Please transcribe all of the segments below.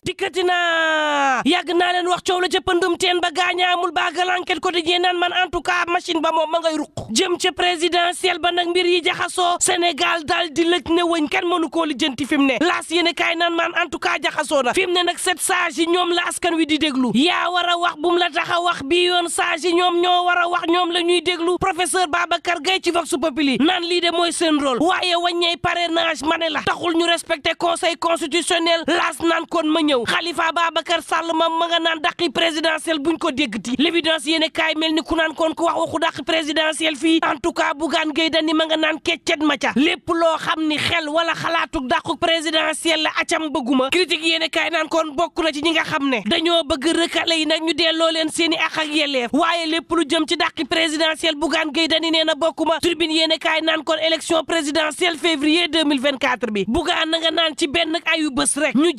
dikkati naa yàgg naa leen wax coow la ca pëndum teen ba gaañaamul baagal enquête quotidien naan man en tout cas machine ba moom ma ngay ruq jëm ca présidentiel ba nag mbir yi jaxasoo Sénégal daal di lëj ne wëñ kan mënu koo lijjanti fi mu ne laas yéene kaay naan man en tout cas jaxasoo na fi mu ne nag set sage yi ñoom la askan wi di déglu yaa war a wax bu mu la tax wax bii yoon yi ñoom ñoo war a wax ñoom la ñuy déglu professeur Babacar Gueye ci Vox Populi naan lii de mooy seen rôle w wàññey parrainage ma ne la taxul ñu respecté conseil constitutionnel laas naan kon ma ñëw Khalifa Babacar Sall ma ma nga naan dàqi présidentiel buñ ko déggti l'évidence yéen kaay mel ni ku naan kon ku wax waxu dàq présidentiel fii en tout cas Bougane Gueye ma nga naan keccet ma ca lépp loo xam ni xel wala xalaatug dàqu présidentiel la acam bëgguma critique yéen kaay naan kon bokk ci ñi nga xam ne dañoo bëgg rëkkale yi nag ñu delloo leen seeni ak ak yelleef waaye lépp lu jëm ci dàqi présidentiel Bougane Gueye Dany nee na bokkuma turbine yéen kaay naan kon élection présidentielle février 2024 bi Bougane nga naan ci benn ayu bés rek ñu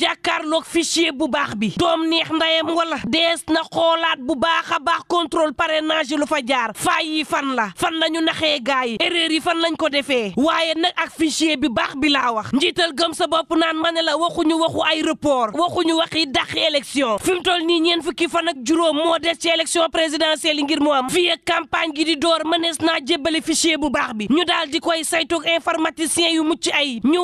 fichier bu baax bi doom neex ndayam wala dees na xoolaat bu baax a baax contrôle parrainage lu fa jaar faay yi fan la fan la ñu naxee gaay yi erreur yi fan lañ ko defee waaye ak fichier bi baax bi laa wax njiital gëm sa bopp naan ma ne la waxuñu waxu ay report waxuñu waxi dàq élection fi mu toll nii ñeent fukki fan ak juróom moo des ci élection présidentielle yi ngir moo am fii ak campagne gi di door mënees naa jébbale fichier bu baax bi ñu daal di koy saytoog informaticien yu mucc ay ñu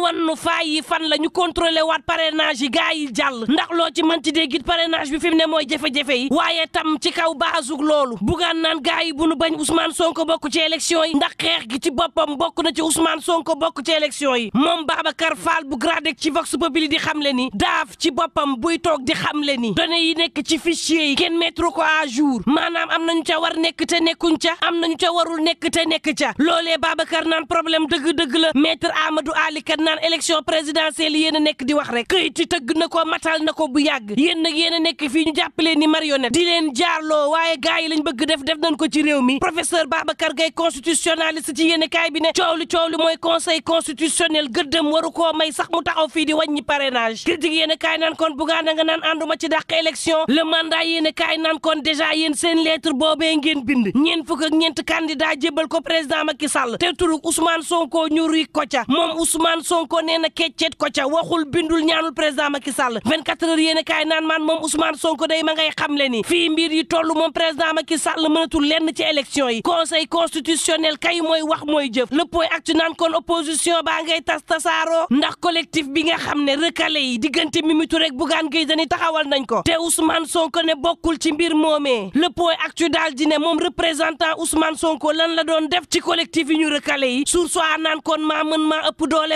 fan la ñu contrôlé waat parrainage yi gaay yi jàll ndax loo ci manti dee git parrainage bi fi mu ne mooy jafe-jafe yi waaye tam ci kaw baasug loolu bugaan naan gars yi bu nu bañ Ousmane Sonko bokk ci élection yi ndax xeex gi ci boppam bokk na ci Ousmane Sonko bokk ci élection yi moom Babacar Fall bu Gradec ci Vox Populi di xam xamle ni daaf ci boppam buy toog di xamle ni données yi nekk ci fichier yi kenn mettre ko à jour maanaam am nañu ca war nekk te nekkuñ ca am nañu ca warul nekk te nekk ca loolee Babacar naan problème dëgg-dëgg la maître Amadou Ali kat naan élection présidentielle yéen a nekk di wax rek këyit tëgg na ko matal laal na ko bu yàgg yéen nag yéen nekk fii ñu jàppalee ni marionnette di leen jaarloo waaye gars yi lañ bëgg def def nañ ko ci réew mi professeur Babacar Gueye constitutionnaliste ci yéen kaay bi ne coow li coow li mooy conseil constitutionnel gëddëm waru ko may sax mu taxaw fii di wàññi parrainage critique yéen kaay naan kon bugaana nga naan ànduma ci dàq élection le mandat yéen kaay naan kon dèjà yéen seen lettre boobee ngeen bind ñeent fukk ak ñeent candidat jébbal ko président Macky Sall te turu Ousmane Sonko ñu ko ca moom Ousmane Sonko nee na keccet ko ca waxul bindul ñaanul président Macky Sall 24 heures yéen a kaay naan maan moom Ousmane Sonko day ma ngay xamle ni fii mbir yi toll moom président Macky Sall mënatul lenn ci élection yi conseil constitutionnel kay mooy wax mooy jëf le point actu naan kon opposition baa ngay tas tasaaroo ndax collectif bi nga xam ne recalé yi diggante Mimi Touré ak Bougane Gueye Dany taxawal nañ ko te Ousmane Sonko ne bokkul ci mbir moomee le point actu daal di ne moom représentant Ousmane Sonko lan la doon def ci collectif yi ñu recalé yi sur soit naan kon maa mën maa ëpp doole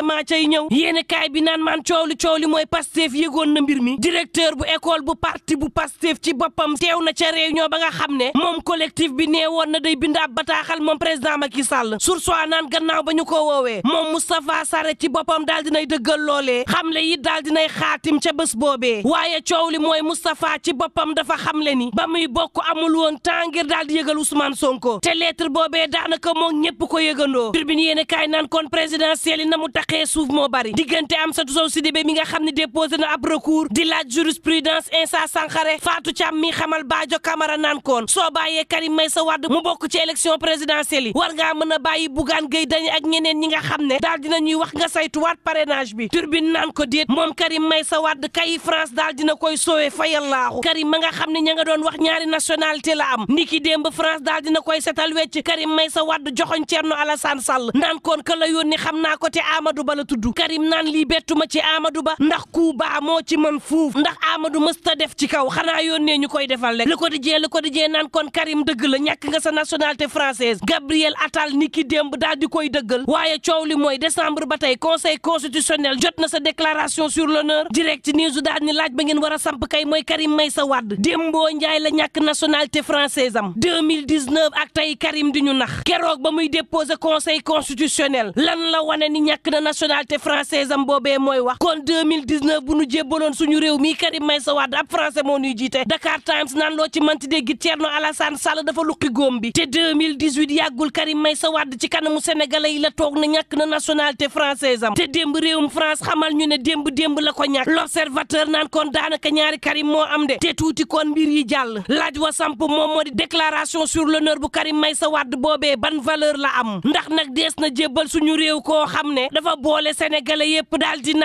bi naan maan coow li coow li mooy mbir mi directeur bu école bu parti bu Pastef ci boppam teew na ca ñoo ba nga xam ne moom collectif bi nee woon na day bind ab bataaxal moom président Macky Sall sursoi naan gannaaw ba ñu ko woowe moom Moustapha Sare ci boppam daal dinay dëggal loolee xam le it daal dinay xaatim ca bés boobee waaye coow li mooy Moustapha ci boppam dafa xam le ni ba muy bokk amul woon temps ngir daal di yëgal Ousmane Sonko te lettre boobe daanaka moom ñëpp ko yëgandoo tribune yéen kaay naan kon présidentiel yi na mu taqee suuf moo bari diggante Amsatou Sow Sidibé mi nga xam ne déposé na ab di laaj jurisprudence Insa Sankharé Fatou Thiam mi xamal Badio Camara naan koon soo bàyyee Karim Meïssa Wade mu bokk ci élection présidentielle yi war ngaa mën a bàyyi Bougane Gueye Dany ak ñeneen ñi nga xam ne daal dina ñuy wax nga saytu saytuwaat parrainage bi turbine naan ko déet moom Karim Meïssa Wade kay France daal dina koy soowee fayal laaxu Karim ma nga xam ne ña nga doon wax ñaari nationalité la am niki démb France daal dina koy setal wecc Karim Meïssa Wade joxoñ Thierno Alassane Sall naan koon ka la yónni xam naa ko te Amadou Ba la tudd Karim naan lii bettuma ci Amadou Ba ndax ku baa moo ci fuuf ndax Amadou mësta def ci kaw xanaa yónnee ñu koy defal jee Le ko di Quotidien naan kon Karim dëgg la ñàkk nga sa nationalité française Gabriel Attal ni ki démb daal di koy dëggal waaye coow li mooy décembre ba tey conseil constitutionnel jot na sa déclaration sur l'honneur direct news daal ni laaj ba ngeen war a samp kay mooy Karim Meïssa wad démboo Njaay la ñàkk nationalité française am mil 2019 ak tey Karim di ñu nax keroog ba muy déposer conseil constitutionnel lan la wane ni ñàkk na nationalité française am boobee mooy wax kon 2019 bu nu jébbaloon suñu réew mii Karim Meïssa Wade ab français moo ñuy jiite Dakar Times naan loo ci manti dégg Thierno Alassane Sall dafa luqi góom bi te 2018 yàggul Karim Meïssa Wade ci kanamu sénégalais yi la toog na ñàkk na nationalité française am te démb réewum France xamal ñu ne démb démb la ko ñàkk l'observateur naan kon daanaka ñaari Karim mo am de te tuuti kon mbir yi jàll laaj wa samp moom moo di déclaration sur l'honneur bu may sa wadd boobee ban valeur la am ndax nag dees na jébbal suñu réew koo xam ne dafa boole sénégalais yépp daal di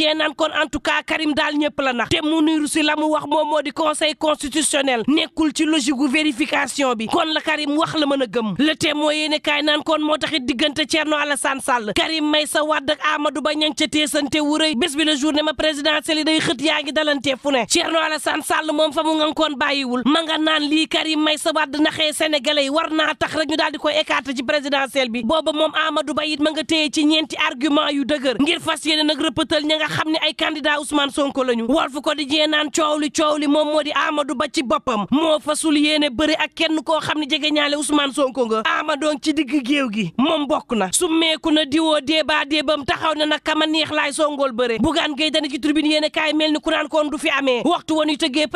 quotidien naan kon en tout cas Karim daal ñëpp la nax te Mounirou Sy la mu wax moom moo di conseil constitutionnel nekkul ci logique gu vérification bi kon la Karim wax la mën a gëm le témoin yéene kaay naan kon moo taxit diggante Thierno Alassane Sall Karim Meïssa Wade ak Amadou Ba ñang ca teesante wu rëy bi la journée ma présidentielle yi day xët yaa ngi dalantee fu ne Thierno Alassane Sall moom fa mu ngankoon bàyyiwul ma nga naan lii Karim Meïssa Wade naxee sénégalais yi war naa tax rek ñu daal di koy écarter ci présidentielle bi booba moom Amadou Ba it ma nga téye ci ñeenti argument yu dëgër ngir fas yéene nag rëppatal ña xam ne ay candidat Ousmane Sonko lañu Walf Quotidien naan coow li coow li moom moo di Amadou Ba ci boppam moo fasul yéene bëri ak kenn koo xam ne jege ñaale Ousmane Sonko nga Amadou ci digg géew gi moom bokk na su meeku na diwoo déebaa déebam taxaw na nag kama neex laay songool bëre bugaan géy dana ci tribune yéene kaay mel ni ku naan koon du fi amee waxtu woon yu tëggee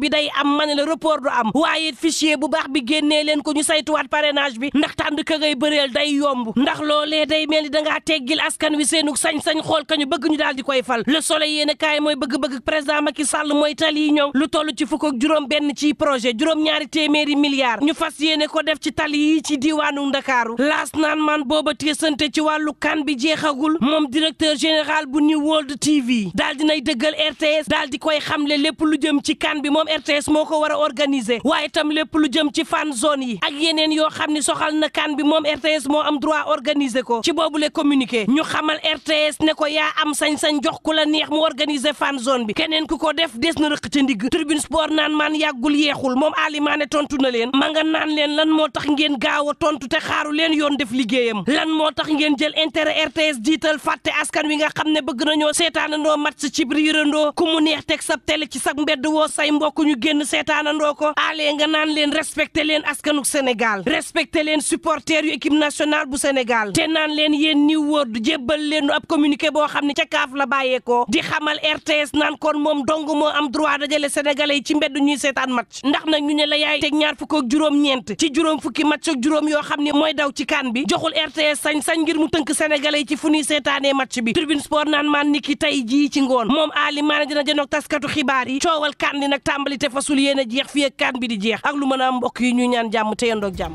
bi day am ma ne la report du am waaye fichier bu baax bi génnee leen ko ñu saytuwaat parrainage bi ndax tànd ka ngay bëreel day yomb ndax loolee day mel ni dangaa teggil askan wi seenug sañ-sañ xool ka ñu bëgg ñu di koy fal le soleil yéen a kaay mooy bëgg-bëgg président Macky Sall mooy tal yi ñëw lu tollu ci fukk ak juróom benn ci projet juróom ñaari téeméeri milliards ñu fas yéene ko def ci tali yi ci diiwaanu Ndakaaru laas nan man booba téesante ci wàllu kan bi jeexagul moom directeur général bu New World TV daal dinay dëggal RTS daal di koy le lépp lu jëm ci kan bi moom RTS moo ko war a organiser waaye tam lépp lu jëm ci fan zone yi ak yeneen yoo xam ni soxal na kan bi moom RTS moo am droit organiser ko ci boobule communiqué ñu xamal RTS ne ko yaa sañ jox ku la neex mu organiser fan zone bi keneen ku ko def des na rëq ca ndigg tribune sport naan maan yàggul yeexul moom alimaane tontu na leen ma nga naan leen lan moo tax ngeen gaaw a tontu te xaaru leen yoon def liggéeyam lan moo tax ngeen jël intérêt RTS jiital fàtte askan wi nga xam ne bëgg nañoo seetaanandoo match ci riirandoo ku mu neex teg sab télé ci sag mbedd woo say mbokk ñu génn seetaanandoo ko alee nga naan leen respecté leen askanuk Sénégal respecté leen supporters yu équipe nationale bu Sénégal te naan leen yéen New World jébbal leen ab communiqué boo xam ne ca la bàyyeekoo di xamal RTS naan kon moom dong moo am droit dajale sénégalais yi ci mbedd ñuy seetaan match ndax nag ñu ne la yaay teg ñaar fukk ak juróom-ñeent ci juróom fukki match ak juróom yoo xam ne mooy daw ci kan bi joxul RTS sañ sañ ngir mu tënk sénégalais yi ci fu nuy seetaane match bi tribune sport naan maan niki tey jii ci ngoon moom aali maana dina jënoog taskatu xibaar yi coowal kan bi nag tàmbali te fasul yéen a jeex fii ak kan bi di jeex ak lu mën a mbokk yi ñu ñaan jàmm te yendoog jàmm